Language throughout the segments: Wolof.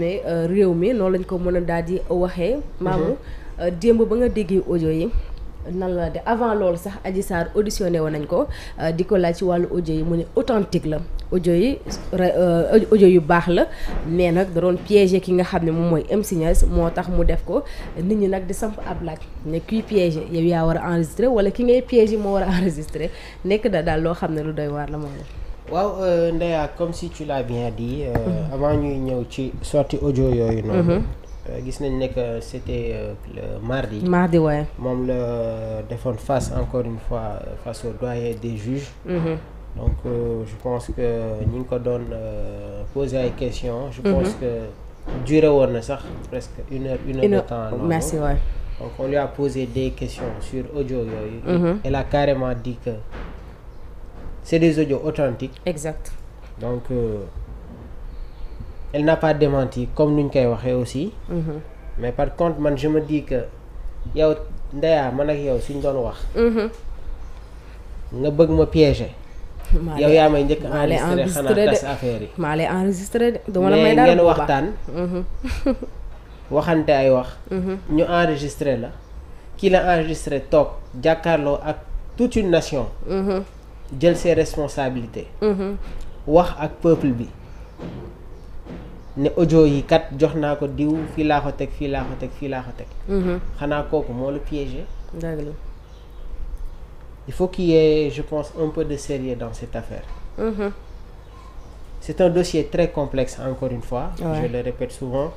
ne euh, réew mi noonu lañ ko mën a daal di waxee. maamu mhm. euh, démb ba nga déggee audio yi. nan la de avant loolu sax Adji Sarr auditionné woon nañ ko euh, di ko laaj ci wàllu audio yi mu ne authentique la audio yi audio yu baax la mais nag da doon piégé ki nga xam ne moom mooy MC moo tax mu def ko nit ñi nag di samp ab laaj ne kuy piégé yow yaa war a enregistré wala ki ngay piégé moo war a enregistré nekk daal loo xam ne lu doy waar la moom waaw euh, Ndeya comme si tu la bien dit. Euh, mhm. avant ñuy ñëw ci sorti audio yooyu noonu. Mhm. Euh, gis nañ ne que c'était le mardi. mardi waaye. moom la defoon face encore une fois face au doyen des juges. Mhm. donc je pense que ñi ngi ko doon poser ay questions. je pense que duré woon na sax presque une heure une heure de temps. Oh, merci waay donc on lui a posé des questions sur audio yooyu. elle a carrément dit que. c'est des audios authentiques exact donc euh, elle n'a pas démenti comme nuñ koy waxee aussi mm mais par contre man je me dis que yow man ak yow suñ doon wax mm-hmm. nga bëgg ma piéger yow yaa may njëkk enregistré xanaa tas affaire yi maa lay enregistré de duma la may ngeen waxtaan mm-hmm. waxante ay wax ñu enregistré la ki la enregistré toog jàkkaarloo ak toute une nation jël ses responsabilité mm-hmm. wax ak peuple bi ne audio yi kat jox naa ko diw fii laa ko teg fii laa ko teg fii laa ko teg. Mm-hmm. xanaa kooku moo la piégé. il faut qu'il y ait je pense un peu de sérieux dans cette affaire. Mmh. c'est un dossier très complexe encore une fois. Ouais. je répète souvent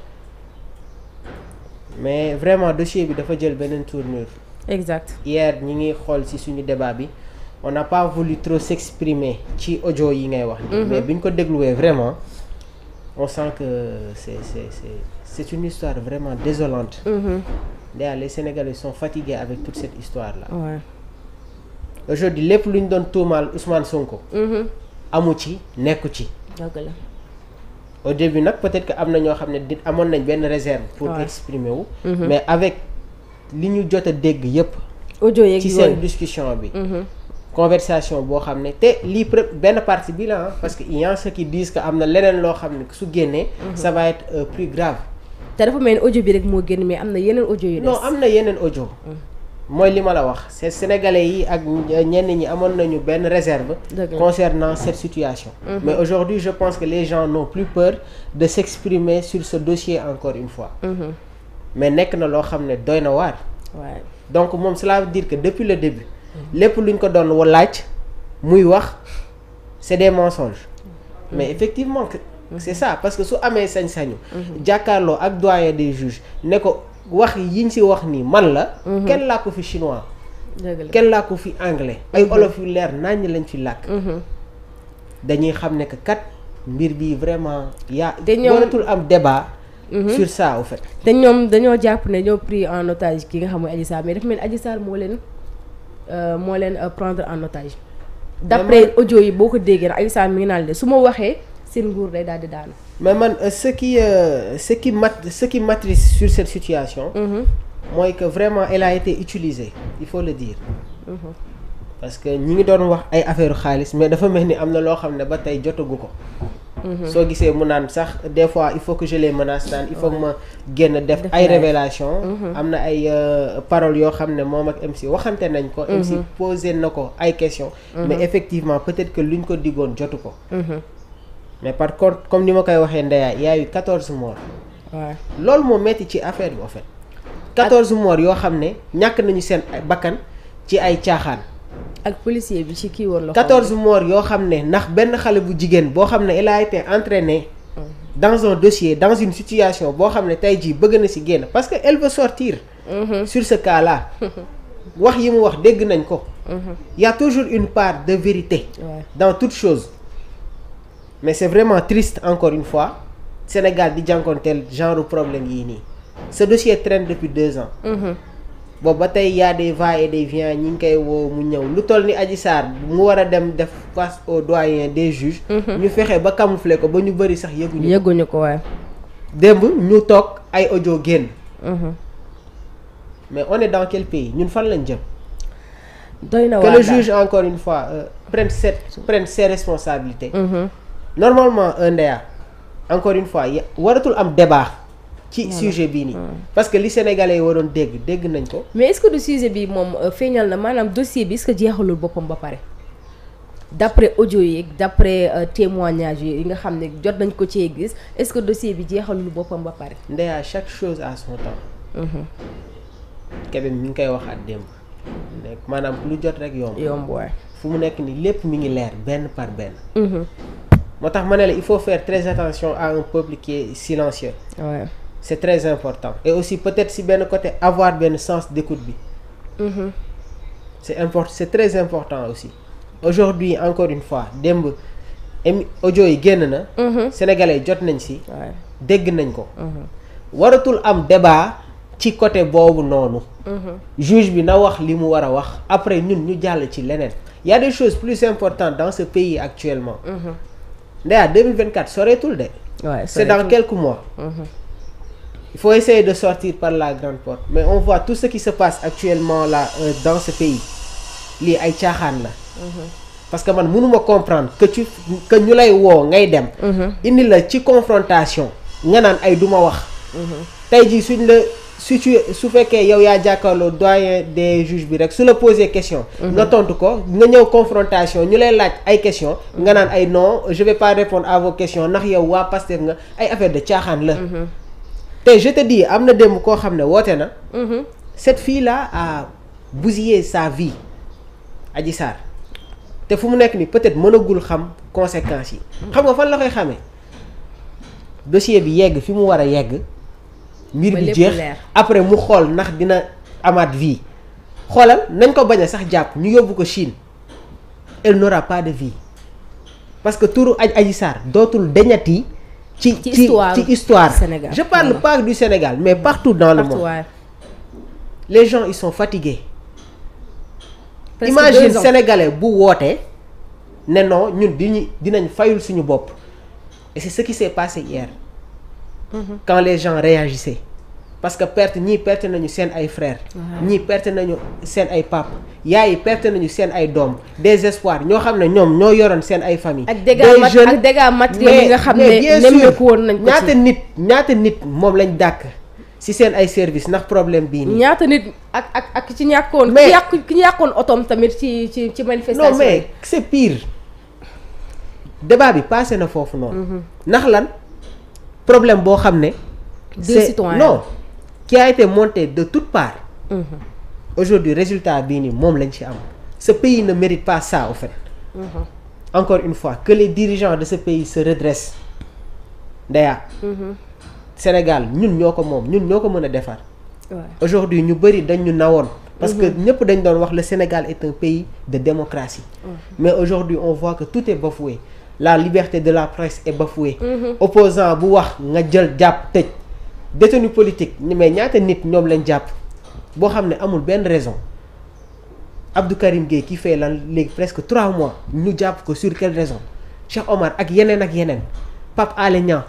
mais vraiment dossier bi dafa jël beneen tournure. exact hier ñi ngi xool ci suñu débat bi. on n'a pas voulu trop s'exprimer ci ojo yi ngay wax ni mhm. mais bi ñu ko dégluwee vraiment on sent que c'est c'est c'est c'est une histoire vraiment désolante ndaa mhm. les Sénégalais sont fatigués avec toute cette histoire là ouais. lépp lu ñu doon tuumaal Ousmane Sonko mhm. amu ci nekku ci au bi nag peut-être que am na ñoo xam ne di amoon nañ benn réserve pour ouais. exprimer wu mais avec li ñu jot a dégg yépp ci seen discussion bi conversation boo xam ne te lii benn partie bi la parce que il y a ceux qui disent que am na leneen loo xam ne su génnee. sa mhm. va être euh, plus grave. te dafa mel ni audio bi rek moo génn mais am na yeneen ojo yu no am na yeneen ojo mm. mooy li ma la wax c'est sénégalais yi ak ñenn ñi amoon nañu benn réserve concernant cette situation mm -hmm. mais aujourd'hui je pense que les gens n'ont plus peur de s'exprimer sur ce dossier encore une fois mm mais nekk na loo xam ne doy na waar donc moom cela veut dire que depuis le début lépp luñ ko doon wa laaj muy wax c'est des mensonges mm-hmm. mais effectivement mm-hmm. c'est ça parce que su amee sañ-sañu mm-hmm. jàkkaarloo ak doyen des juges ne ko wax yi yiñ si wax nii man la kenn laa ko fi chinois kenn laa ko fi anglais ay olof yu leer naññ lañ fi làkk dañuy xam ne que kat mbir bi vraiment yaa waratul am débat sur ça au te ñoom dañoo jàpp ne ñoo pris en otage ki nga xam mooy Adji Sarr mais moo leen Euh, moo leen euh, prendre en otage d'après audio yi boo ko déggee nag Aliou Sall ngi naan leen su ma waxee seen nguur day daal di daanu mais man euh, ce qui euh, ce mat ce qui m'attriste sur cette situation mm-hmm. mooy que vraiment elle a été utilisée il faut le dire mmh. parce que ñi ngi doon wax ay affaire xaalis mais dafa mel ni am na loo xam ne ba tey jotagu ko Mhm. soo gisee mu naan sax des fois il faut que je les menace naan il faut que ma génn def ay révélation mhm. am na ay euh, paroles yoo xam ne moom ak MC waxante nañ ko MC mhm. posé na ko ay question mais effectivement peut-être lu ñu ko diggoon jotu ko mais par contre comme ni ma koy waxee Ndeya y a eu quatorze morts loolu moo metti ci affaire bi en fait quatorze morts yoo xam ne ñàkk nañu seen bakkan ci ay caaxaan ak policier bi ci kii woon la. 14 morts yoo xam ne ndax benn xale bu jigéen boo xam ne et a été entraîné. dans un dossier dans une situation boo xam ne tey jii bëgg na si génn parce que elle sortir. Mhm. sur ce cas là. wax yi mu wax dégg nañ ko. Mhm. y toujours une part de vérité. Ouais. dans toute chose. mais c'est vraiment triste encore une fois Sénégal di jànkoonteel genre problème yii nii ce dossier traîne depuis deux ans. Mmh. boobu ba tey y a des va des vient ñi ngi koy woo mu ñëw lu toll ni aji Sarr mu war a dem def face au doyen des juges. Mhm. ñu fexe ba camoufler ko ba ñu bëri sax yëguñu ko yëguñu ko waaye. démb ñu toog ay audio génn. Mhm. mais on est dans quel pays ñun fan lañ jëm. tey na que le juge encore une fois euh, prenne ses prenne ses responsabilités. Mm -hmm. normalement un DEA encore une fois waratul am débat. ci sujet bii nii. parce que li sénégalais yi waroon dégg dégg nañ ko. mais est-ce du sujet bi moom euh, feeñal na maanaam dossier bi est-ce que jeexalul boppam ba pare. d'après audio yeeg d'après euh, témoignage yi nga xam ne jot nañ ko cee gis est-ce que dossier bi jeexalul boppam ba pare. ndeya chaque chose à son temps. Mhm. Kébé mi ngi koy waxaat démb. nekk maanaam lu jot rek yomb. yomb waay fu mu nekk nii lépp mu ngi leer benn par benn. Mhm. moo tax ma ne la il faut faire très attention à c'est très important et aussi peut-être si benn côté avoir benn sens d'écoute bi mmh. c'est import c'est très important aussi aujourd'hui encore une fois démb émi audio yi génn na mhm. sénégalais jot nañ si dégg nañ ko mhm. waratul am débat ci côté boobu noonu mhm. juge bi na wax li mu war a wax après ñun ñu jàll ci leneen y a des choses plus importantes dans ce pays actuellement ndeyaa 2024 soreetul de c'est dans quelques mois foo essayer de sortir par la grande porte. Mais on voit tout ce qui se passe actuellement là euh, dans ce pays. lii ay caaxaan la. Mhm. parce que man mënuma comprendre que ci que ñu lay woo ngay dem. Mhm. indi la ci confrontation nga naan ay duma wax. Mhm. tey jii suñ la su su fekkee yow yaa jàkkaarloo doyen des juges bi rek su la posé question. nga tontu ko nga ñëw confrontation ñu lay laaj ay question nga naan ay non je vais pas répondre à vos questions ndax yow waa Pastef nga ay affaire de caaxaan la. te je te am na démb koo xam ne woote na. Mhm. cette fille là a bousillé sa vie Adji Sarr te fu mu nekk nii peut-être mënagul xam conséquences yi. xam nga fan la koy xame dossier bi yegg fi mu war a yegg. mbir bi jeex après mu xool ndax dina amaat vie. xoolal nañ ko bañ a sax jàpp ñu yóbbu ko Chine elle n'aura pas de vie parce que turu Adji Sarr dootul deñati ci ci histoire ci histoire Sénégal je parle voilà. du Sénégal mais partout dans partout, le monde ouais. les gens ils sont fatigués. imagine sénégalais bu woote ne non ñun diñu dinañ fayul suñu bopp et ce qui s'est passé hier. Mm-hmm. quand les gens réagissaient. parce que perte ñii perte nañu seen ay frères. ñii perte nañu seen ay pap yaay yi perte nañu seen ay doom désespoir ñoo xam ne ñoom ñoo yoroon seen ay famille. ak dégâts ak dégâts matériels yi nga xam ne nemmeeku woon nañ ko nit ñaata nit moom lañ dàkk si seen ay service ndax problème bii nii. ñaata nit ak ak ak ci ñàkkoon. mais ki ñu yàkkoon yàqoon otoom tamit ci ci ci manifestation non mais c'est pire débat bi passé na foofu noonu. Mhm. ndax lan problème boo xam ne. deux citoyens non. qui a été monté de toutes parts. Mm aujourd'hui résultat bi ni moom lañ ci am ce pays ne mérite pas ça au mhm. encore une fois que les dirigeants de ce pays se redressent Ndeya. Mhm. Sénégal ñun ñoo ko moom ñun ñoo ko mën a defar. aujourd'hui ñu bëri dañ ñu nawoon. parce que mhm. ñëpp dañ doon wax le Sénégal et un pays de démocratie. mais aujourd'hui on voit que tout est bafoué la liberté de la presse est bafouée. opposant bu wax nga jël jàpp tëj. détenu politique mais ñaata nit ñoom lañ jàpp boo xam ne amul benn raison Abdou Karim Gueye ki fay lan léegi presque trois mois ñu jàpp ko sur quelle raison Cheikh Omar ak yeneen ak yeneen Pape Alé Niang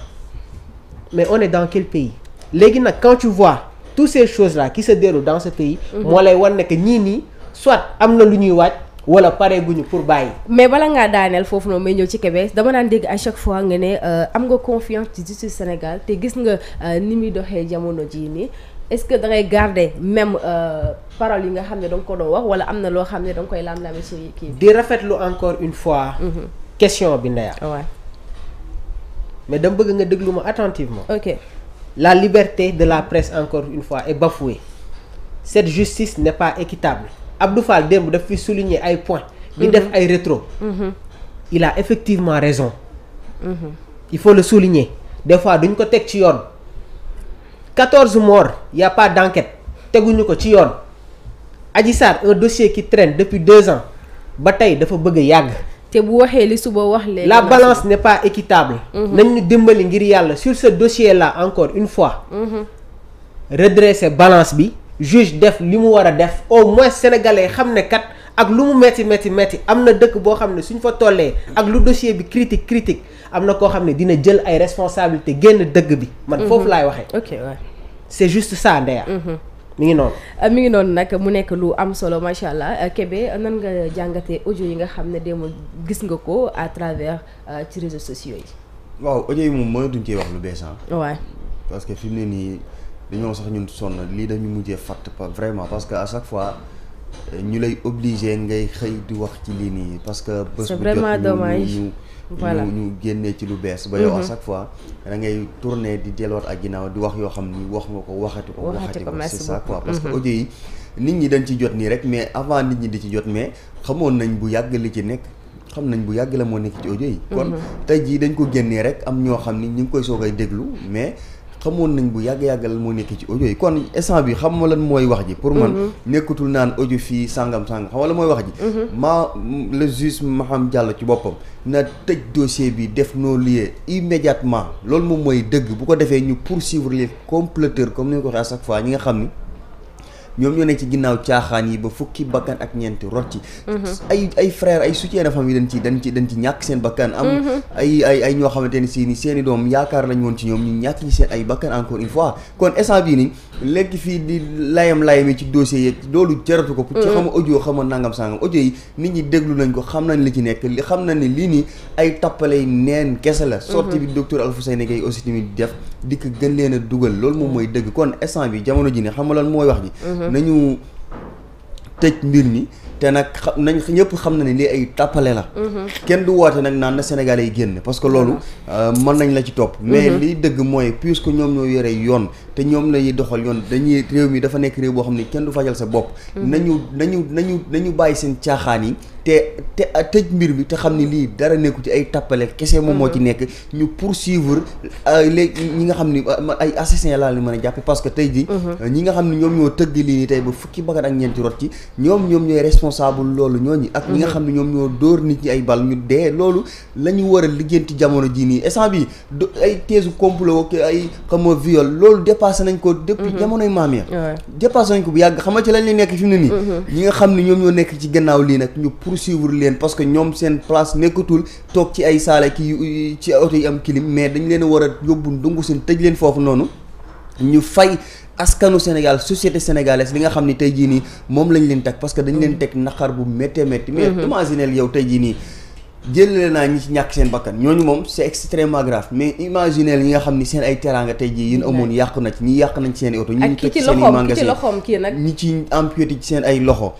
mais on est dans quel pays léegi nag quand tu vois toutes ces choses là qui se déroulent dans ce pays mm-hmm. moo lay wan ne que ñii nii soit am na lu ñuy waaj wala pare guñu pour bàyyi. mais bala ngaa daaneel foofu noonu may ñëw ci Kébé dama daan dégg à chaque fois nga ne euh, am nga confiance di justice Sénégal te gis nga euh, ni muy doxee jamono jii nii est-ce que da ngay garder même euh, parole yi nga xam ne da ko doon wax wala am na loo xam ne danga koy laam-laame ci kii. di rafetlu encore une fois. Mhm. question bi Ndeya. waaw mais dama bëgg nga déglu ma attentivement. ok la liberté de la presse encore une fois est bafouée cette justice n'est pas équitable. Abdou Fall démb daf fi souligner ay points. di mhm. def ay rétro. Mhm. il effectivement raison. Mhm. il faut le souligner des fois duñ ko teg ci yoon. 14 morts y a pas d'enquête teguñu ko ci yoon. Adji Sarr un dossier qui traîne depuis deux ans ba tey dafa bëgg a yàgg. te bu waxee li suba wax leen la balance n'est pas équitable. nañ ñu dimbali ngir yàlla sur ce dossier la encore une fois. redresser balance bi. juge def li mu war a def au moins sénégalais xam ne kat ak lu mu metti metti metti am na dëkk boo xam ne suñ fa tollee ak lu dossier bi critique critique am na koo xam ne dina jël ay responsabilité génn dëgg bi man mhm. foofu laay waxee ok ouais. c'est juste ça Ndeya mhm. mi ngi noonu euh, mi ngi noonu nag mu nekk lu am solo macha allah euh, Kébé nan nga jàngatee audio yi nga xam ne démb gis nga ko à travers euh, ci réseaux sociaux yi waaw audio yi moom mënatuñ cee wax lu bees dañoo sax ñun sonn lii dañu mujjee fàtt pas vraiment parce que à chaque fois ñu lay obligé ngay xëy di wax ci lii nii parce que bés bu jot ñu voilà ñu génnee ci lu bees ba yow à mhm. chaque fois da ngay tourner di delluwaat ak ginnaaw di wax yoo xam ni wax nga ko waxati ko waxati ko c'est ça quoi parce que mhm. audio yi nit ñi dañ ci jot nii rek mais avant nit ñi di ci jot mais xamoon nañ bu yàgg li ci nekk xam nañ bu yàgg la moo nekk ci audio yi kon mhm. tey jii dañ ko génnee rek am ñoo xam ni ñu ngi koy soogay déglu mais xamoon nañ bu yàgg-yàggal moo nekk ci audio yi kon instant bi xam ma lan mooy wax ji pour man mhm. nekkatul naan audio fii sangam-sangam xam nga lan mooy wax ji mhm. maa le ma xam Diallo ci boppam na tëj dossier bi def nos lieux immédiatement loolu moom mooy dëgg bu ko defee ñu poursuivre les comploteurs comme ni ñu ko waxee à chaque ñi nga xam ni ñoom ñoo ne ci ginnaaw caaxaan yi ba fukki bakkan ak ñeenti rot ci mhm. ay ay frère ay soutien de famille dañ ci dañ ci dañ ci ñàkk seen bakkan am mhm. ay ay ay ñoo xamante ni si ni seen i doom yaakaar lañ woon ci ñoom ñu ñàkk ñi seen ay bakkan encore une fois kon instant bii ni léegi fii di layam-layam yi ci dossier yi loolu jaratu ko pour ci mhm. xam audio nangam sangam audio yi nit ñi déglu nañ ko xam nañ li ci nekk li xam nañ ne lii nii ay tappalay neen kese la sortie bi docteur Alfousseyni Gaye aussi tamit def dikk gën leen dugal loolu moom mooy dëgg kon instant bi jamono ji ne xam nga lan mooy wax ji nañu tëj mbir mi te nag xam nañ ñëpp xam na ne lii ay tàppale la. Mhm. kenn du woote nag naan na Sénégalais yi génn parce que loolu euh, mën nañ la ci topp. mais mhm. liy dëgg mooy puisque ñoom ñoo yore yoon. te ñoom lañuy doxal yoon dañuy réew mi dafa nekk réew boo xam ne kenn du fajal sa bopp mhm. nañu nañu nañu nañu bàyyi seen caaxaan yi te te tëj mbir bi te xam ne lii dara nekku ci ay tappale kese moom moo ci mhm. nekk ñu poursuivre euh, léegi ñi nga xam ne euh, ay assassin laa leen mën a jàppe parce que tey ji mhm. euh, ñi nga xam ne ñoom ñoo tëgg lii nii tey ba fukki bakkan ak ñeenti rot ci ñoom ñoom ñoo responsable loolu ñooñu ak ñi nga xam ne ñoom ñoo dóor nit ñi ay bal ñu dee loolu la ñu war a liggéenti jamono jii nii instant bi ay teesu complot ay xam nga viol loolu départ dépassé nañ ko. depuis mhm. jamonoy maam ya. dépassé nañ ko bu yàgg xam ci lañ lay nekk fi ne nii. Mhm. ñi nga xam ne ñoom ñoo nekk ci gannaaw lii nag ñu poursuivre leen parce que ñoom seen place nekkatul toog ci ay saala kii ci oto yi am clim mais dañ leen war a yóbbu ndungu seen tëj leen foofu noonu ñu fay. askanu Sénégal société sénégalaise li nga xam ni tey jii nii moom lañ leen teg parce que dañ leen mhm. teg naqar bu méttee métti mais imaginez yow tey jii nii jëlale naa ñi ci ñàkk seen bakkan ñooñu moom c' est extrêmement grave mais imaginez ñi nga xam ni seen ay teraanga tey jii yéen amoon yàqu na ci ñi yàq nañ ci seen i oto ñi toj seen i magasin ñi seen ay loxo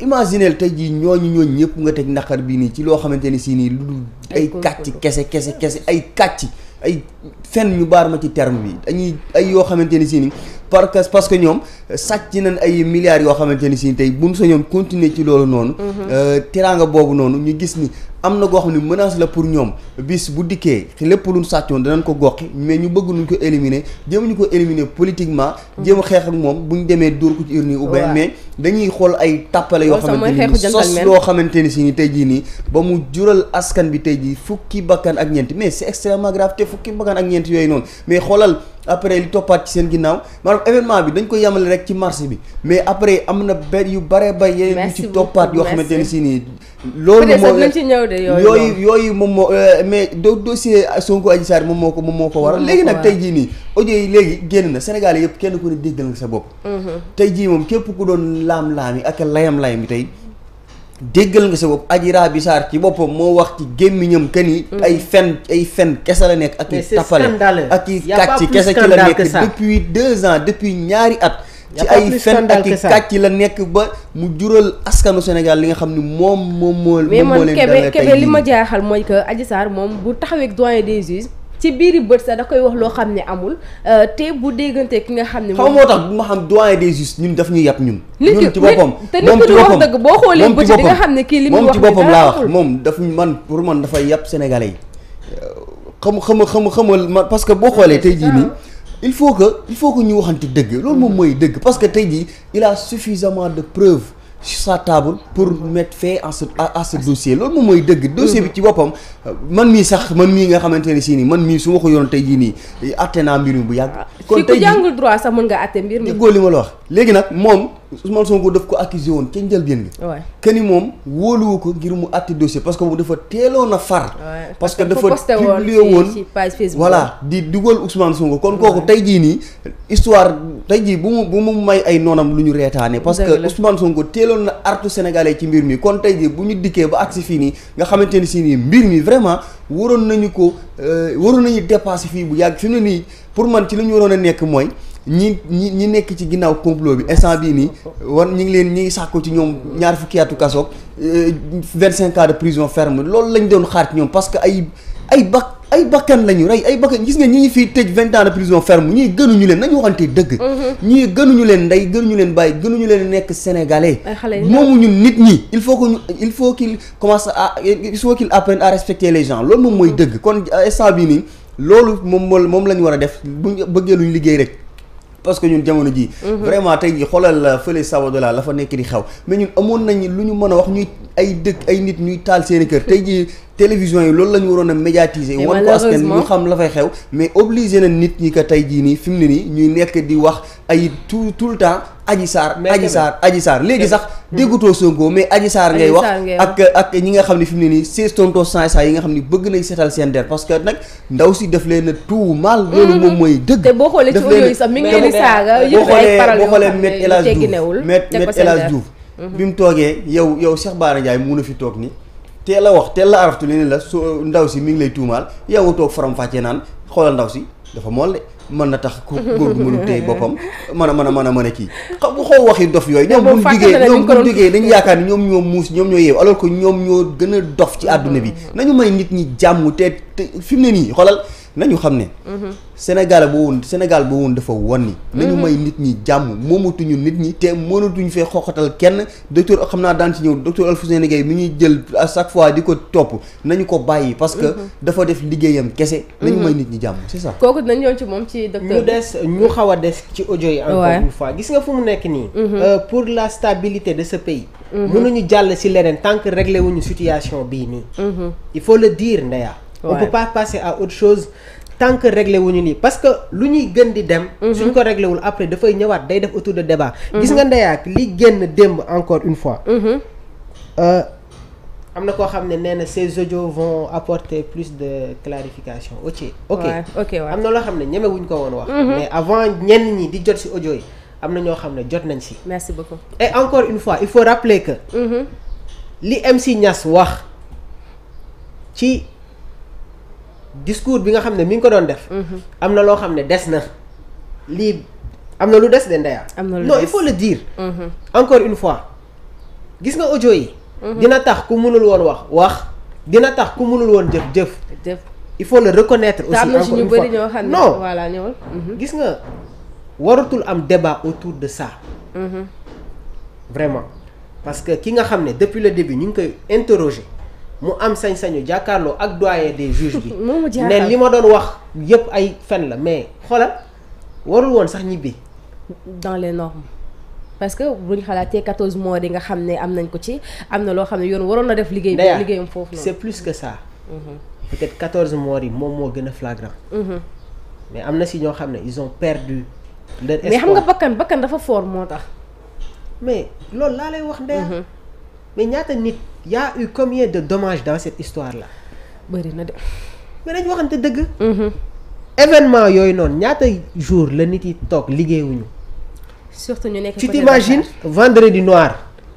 imaginez tey jii ñooñu ñooñu ñëpp nga teg naqar bi nii ci loo xamante ni si nii lu dul ay kàcc kese kese kese ay kàcc ay fen ñu baar ma ci terme bi dañuy ay yoo xamante ni si nii parce parce que ñoom euh, sàcc nañ ay milliards yoo xamante ni si tey sa ñoom continuer ci loolu noonu mm-hmm. euh, teraanga boobu noonu ñu gis ni am na goo xam ne menace la pour ñoom bis bu dikkee lépp luñ sàccoon danañ ko goxi mais ñu bëgg nuñ ko éliminer jéem ñu ko éliminer politiquement jéem a xeex ak moom bu ñu demee dóor ko ci urne ou mais dañuy xool ay tàppale yoo xamante ni sos yoo xamante ni si ni tey jii nii ba mu jural askan bi tey jii fukki bakkan ak ñeent mais c'est extrêmement grave te fukki bakkan ak ñeent yooyu noonu mais xoolal après li toppaat ci seen ginnaaw maanaam événement bi dañ ko yemale rek ci marché bi mais après am na benn yu bare bare yeneen yu ci toppaat yoo xamante ne si nii loolu moo yooyu yooyu moom moo euh, mais do dossier Sonko Adji Sarr moom moo ko moom moo ko waral léegi nag tey jii nii audio yi léegi génn na Sénégal yëpp kenn ku ne déggal nga sa bopp mhm. tey jii moom képp ku doon laam-laam yi ak layam-layam yi tey déggal nga sa bopp aji Raby Sarr ci boppam moo wax ci gémmiñam que nii mm. ay fen ay fen kese la nekk ak i tapale ak i kàcc kese ci la nekk depuis deux ans depuis ñaari at ci ay fen ak i kàcc la nekk ba mu jural askanu Sénégal li nga xam ni moom moom moo moo leen dalal tey mais man Kébé Kébé li ma jaaxal mooy que Adji saar moom bu taxawee doyen des juges ci biiri bët sax da koy wax loo xam ne amul euh, te bu déggante ki nga xam ne xaw moo tax bu ma xam doyen des justes ñun daf ñuy yàpp ñun ñun ci boppam te nit ki wax boo xoolee bët di nga xam ne kii li muy wax moom boppam laa wax moom daf man pour man dafay yàpp sénégalais yi xam xama xam xamal ma parce que boo xoolee tey jii nii il faut que il faut que ñu waxante dëgg loolu moom mooy dëgg parce que tey jii il a suffisamment de preuves sa table pour mettre fin à ce à ce dossier loolu moom mooy dëgg dossier bi ci boppam man mii sax man mii nga xamante ne si man mii su ma ko yoon tey jii nii atte naa mbir mi bu yàgg ah, kon tey moom ko woon ca njëlbéen nga que wóoluwu ko ngir mu atte dossier parce que moom dafa teeloon a far parce que dafa publié woon page Facebook voilà di dugal Ousmane Sonko kon kooku tey jii nii histoire tey jii bu mu bu mu may ay noonam lu ñu reetaane parce que Ousmane Sonko teeloon teeloon na artu sénégalais ci mbir mi kon tey bi bu ñu dikkee ba agsi fii nii nga xamante ni si nii mbir mi vraiment waroon nañu ko euh, waroon nañu dépassé fii bu yàgg fi mu ne nii pour man ci li ñu waroon a nekk mooy ñi ñi ñi nekk ci ginnaaw complot bi instant bii nii war ñi ngi leen ñi ngi sàkku ci ñoom ñaar fukki atu kasoog euh, vingt cinq ans de prison ferme loolu lañ doon xaar ci ñoom parce que ay ay bak ay bakkan la ñu rey ay bakkan gis nga ñi ñu fiy tëj vingt ans de prison ferme ñii gënuñu leen nañu waxante dëgg mhm. ñii gënuñu leen ndey gënuñu leen bàyyi gënuñu leen nekk moom moomuñu nit ñi il faut que ñu il faut qu'il commence à il faut qu'il apprenne à respecter les gens loolu moom mooy mhm. dëgg kon euh, instant bii nii loolu moom moo moom la ñu war a def bu bëggee luñ liggéey rek parce que ñun jamono ji mhm. vraiment tey jii xoolal euh, fële Sabodala la la fa nekk di xew mais ñun amoon nañ lu ñu mën a wax ñuy ay dëkk ay nit ñuy taal seen kër tey jii télévision yi loolu la ñu waroon a médiatiser wan ko askan xam la fay xew mais obligé na nit ñi ko tey jii nii fi mu ne nii ñuy nekk di wax ay tout tout le temps Adji Sarr Adji Sarr Adji Sarr léegi sax hmm. déggutoo Sonko mais Adji Sarr ngay wax ak ak ñi nga xam ne fi mu ne nii ses tontos sans ça yi nga xam ni bëgg nañ seetal seen der parce que nag ndaw si daf leen a tout mal hmm. loolu moom mooy dëgg te boo xoolee ci audio yi mi ngi leen di saaga boo xoolee boo xoolee Maître El Hadji Diouf hmm. bi mu toogee yow yow Cheikh Bara Ndiaye mun a fi toog ni teel a wax teel la araftu li ne la su ndaw si mi ngi lay tuumaal yow nga toog faram fàccee naan xoolal ndaw si dafa mool de mën na tax ku góor gu mënul téye boppam man a mën a mën a mën a kii xam bu xaw waxi dof yooyu ñoom buñ digee ñoom buñ digee dañu yaakaar ni ñoom ñoo muus ñoom ñoo yeew alors que ñoom ñoo gën a dof ci àdduna bi mm-hmm. nañu may nit ñi jàmm te fi mu ne nii xoolal nañu xam ne. Mhm. Sénégal boo woon Sénégal boo woon dafa won ni. Mhm. nañu may nit ñi jàmm moomatuñu nit ñi te mënatuñu fee xoxatal kenn docteur xam naa daan ci ñëw docteur Alfousseyni Gaye mi ñuy jël à fois di topp nañu ko bàyyi. parce que mhm. dafa def liggéeyam kese. nañu may nit ñi jàmm c'est ça. kooku dañu ñëw ci moom ci docteur ñu des ñu xaw a des ci audio yi. encore fois gis nga fu mu nekk nii. Euh, pour la stabilité de ce pays. mënuñu jàll si leneen tant que réglé wuñu situation bii nii. il faut le dire Ndeya. on peut pas à autre chose tant que réglé wuñu lii parce que lu ñuy gën di dem mhm. suñ ko réglé wul après dafay ñëwaat day def autour de débat mhm. gis nga ak li génn démb encore une fois mhm. euh, am na koo xam ne nee na ces audios apporter plus de clarification ok ok ok am na loo xam ne ñeme ko woon wax mais avant ñenn ñi di jot ci audio yi am na ñoo xam ne jot nañ si merci beaucoup et encore une fois il faut rappeler que li MC Niass wax ci discours bi nga xam ne mi ngi ko doon def. Mhm. am na loo xam ne des na lii am na lu des de ndeya. am na lu des non il faut le dire. Mhm. encore une fois gis nga audio yi. Mhm. dina tax ku mënul woon wax wax dina tax ku mënul woon jëf jëf. jëf il faut le reconnaître aussi encore une fois non voilà ñëwal gis nga waratul am débat autour de ça. vraiment parce que ki nga xam ne depuis le début ñu ngi koy interroger. mu am sañ-sañu jàkkaarloo ak doyen des juges bi ne li ma doon wax yépp ay fen la mais xoolal warul woon sax ñibbi dans les normes parce que bu ñu xalaatee 14 mois di nga xam ne am nañ ko ci am na loo xam ne yoon waroon na def liggéey bi liggéeyam foofu noonu c'est plus que ça mmh. peut-être yi moom moo gën a flagrant mhm. mais am na si ñoo xam ne ils ont perdu leur mais xam nga bakkan bakkan dafa foor moo tax mais loolu laa lay wax Ndeya mhm. mais ñaata nit y u eu combien de dommages dans cette histoire la bëri na de. mais dañ waxante dëgg. Mhm. événement yooyu noonu ñaata jour la nit yi toog liggéeyuñu. surtout ñu nekk tu t'imagines vendredi noir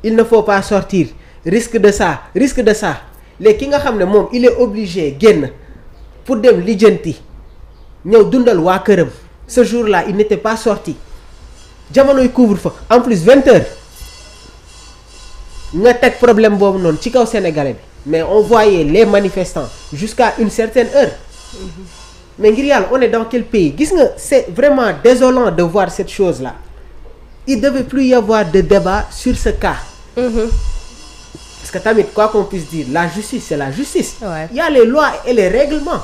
il ne faut pas sortir risque de ça risque de ça léegi ki nga xam ne moom il est obligé génn pour dem lijjanti ñëw dundal waa këram ce jour là il n'était pas sorti jamonoy couvre-feu en plus vingt nga teg problème boobu noonu ci kaw sénégalais bi mais on voyait les manifestants jusqu'à une certaine heure mm-hmm. mais ngir yàlla on est dans quel pays gis nga c'est vraiment désolant de voir cette chose la il devait plus y avoir de débat sur ce cas mm-hmm. parce que tamit quoi qu'on puisse dire la justice c'est la justice il y a les lois et les règlements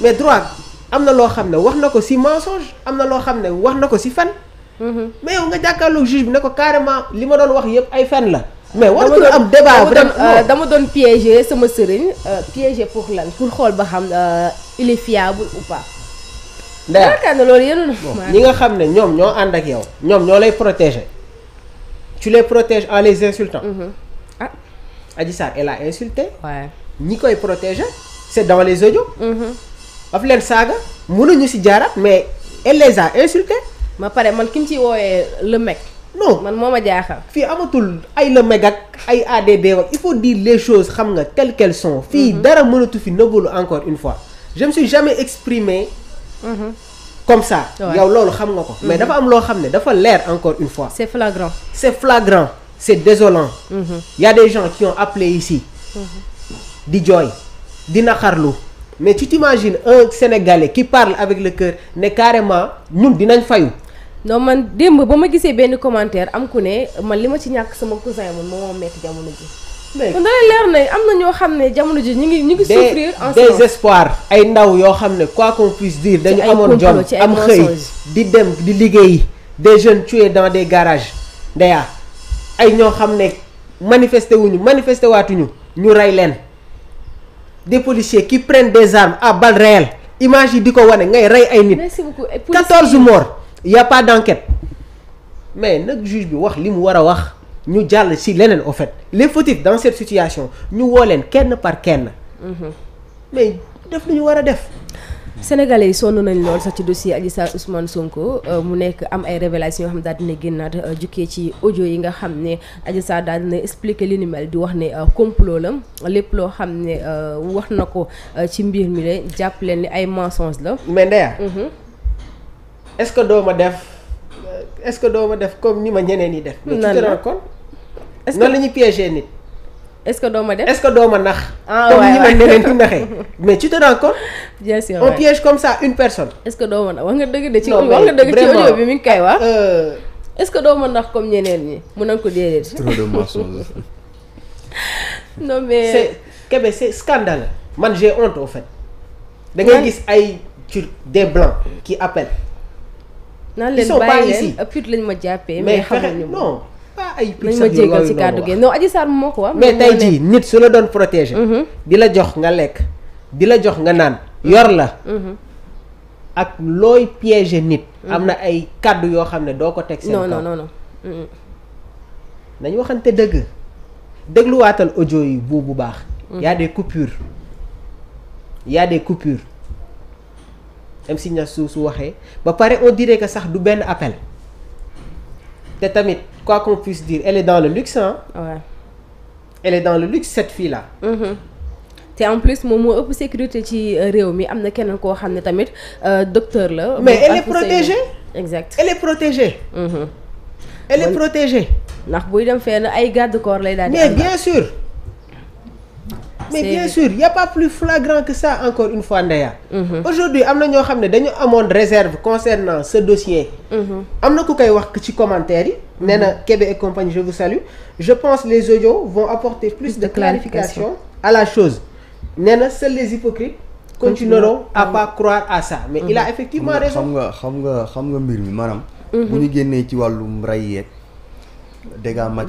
mais droit am na loo xam ne wax na ko ci mensonge am na loo xam ne wax na ko ci fan mais yow nga jàkkaarloog juge bi ne ko carrément li ma doon wax yëpp ay fen la. mais war nañu am débat vraiment euh, dama doon piéger sama sëriñ. Euh, piéger pour lan pour xool ba xam euh, il est fiable ou pas. ndeyaan na loolu yéen ñi nga xam ne ñoom ñoo ànd ak yow ñoom ñoo lay protéger. ci les protèges en les insultants mhm. ah. Adji Sarr elle a insulté. ñi koy protéger c' est dans les audios. daf mhm. leen saaga mënuñu si jaaraat mais elle les a ma pare man ki ñu ciy wooyee le mec. non man moo ma jaaxal. fii amatul ay le mec ak ay ADD il faut dire les choses xam nga telles qu'elles fii mhm. dara mënatu fi nëbbalu encore une fois. je me suis jamais exprimé. Mhm. comme ça yow loolu xam nga ko. Mhm. mais dafa am loo xam ne dafa leer encore une fois. c'est flagrant. c'est flagrant c'est désolant. Mmh. a des gens qui ont appelé ici. di jooy dina xarlu mais tu t'imagines un Sénégalais qui parle avec le kër ne carrément ñun dinañ fayu. non man démb ba ma gisee benn commentaire am ku ne man li ma ci ñàkk sama cousin moom moo metti jamono ji. kon dana leer am na ñoo xam ne jamono ji ñu ngi ñu ngi souffrir en désespoir ay ndaw yoo xam ne quoi qu'on puisse dire dañu amoon jom am xëy di dem di liggéey des jeunes tués dans des garages ndeya ay ñoo xam ne manifesté wuñu manifesté waatuñu ñu rey leen des policiers ki prennent des armes à balles réelles image yi di ko wane ngay rey ay nit 14 moor y' a pas mais nag juge bi wax li mu war a wax ñu jàll si leneen au fait les fautifs dans cette situation ñu woo leen kenn par kenn. Mhm. mais def lu ñu war a def. Sénégalais yi sonn nañ lool sax ci dossier Adji Sarr Ousmane Sonko euh, mu nekk am ay révélation yoo xam daal dina génnaat euh, jukkee ci audio yi nga xam ne Adji Sarr daal dina expliqué li ni di wax ne euh, complot la lépp loo xam ne wax na ko ci mbir mi de jàpp leen ni ay mensonge la. mais Ndeya. Mhm. est-ce que doo ma def est-ce que doo ma def comme ni ma ñeneen yi def. nan la tu te la ñuy piéger nit. est que doo ma def est-ce que doo ma nax. ah comme ni mais tu te rends compte. bien une personne. est-ce que doo ma nax wax nga dëgg de ci. wax euh, est-ce que doo ma nax comme ñeneen ñi mun nañ ko déedéet. trop de mensonges. man j'ai honte gis ay des blancs qui appellent. naan leen bàyyi leen pute lañ ma jàppee. mais xamuñu ma non pas ay pute sax ma jéggal ci kàddu gi non moo ko wax. mais tey jii nit su la doon protéger. Mhm. di la jox nga lekk di la jox nga naan yor la. Mhm. ak looy piéger nit. Mhm. am na ay kàddu yoo xam ne doo ko teg. seen kaw non non nañu waxante dëgg dégluwaatal audio yi bu bu baax. y a des coupures y a des coupures. MC Niass su su waxee ba pare on dirait que sax du benn appel te tamit quoi qu'on puisse dire elle dans le luxe hein. Ouais. elle dans le luxe cette fille là. Mm-hmm. te en plus moom moo ëpp sécurité ci euh, réew mi am na keneen koo xam ne tamit euh, docteur la. mais elle est protégée. exact elle est protégée. Mmh. ndax buy dem fenn ay garde corps lay daal di. bien sûr. mais bien sûr y' a pas plus flagrant que ça encore une fois Ndeya. Mhm. aujourd'hui am na ñoo xam ne dañu amoon réserve concernant ce dossier. Mhm. am na ku koy wax ci commentaire yi. nee na mhm. Kébé et compagnie je vous salue. je pense les audios vont apporter plus de clarification à la chose nee na seuls les hypocrites continueront à pas croire à ça. mais il a effectivement raison xam nga xam nga xam nga mbir mi maanaam. bu ñu génnee ci wàllum rey yeeg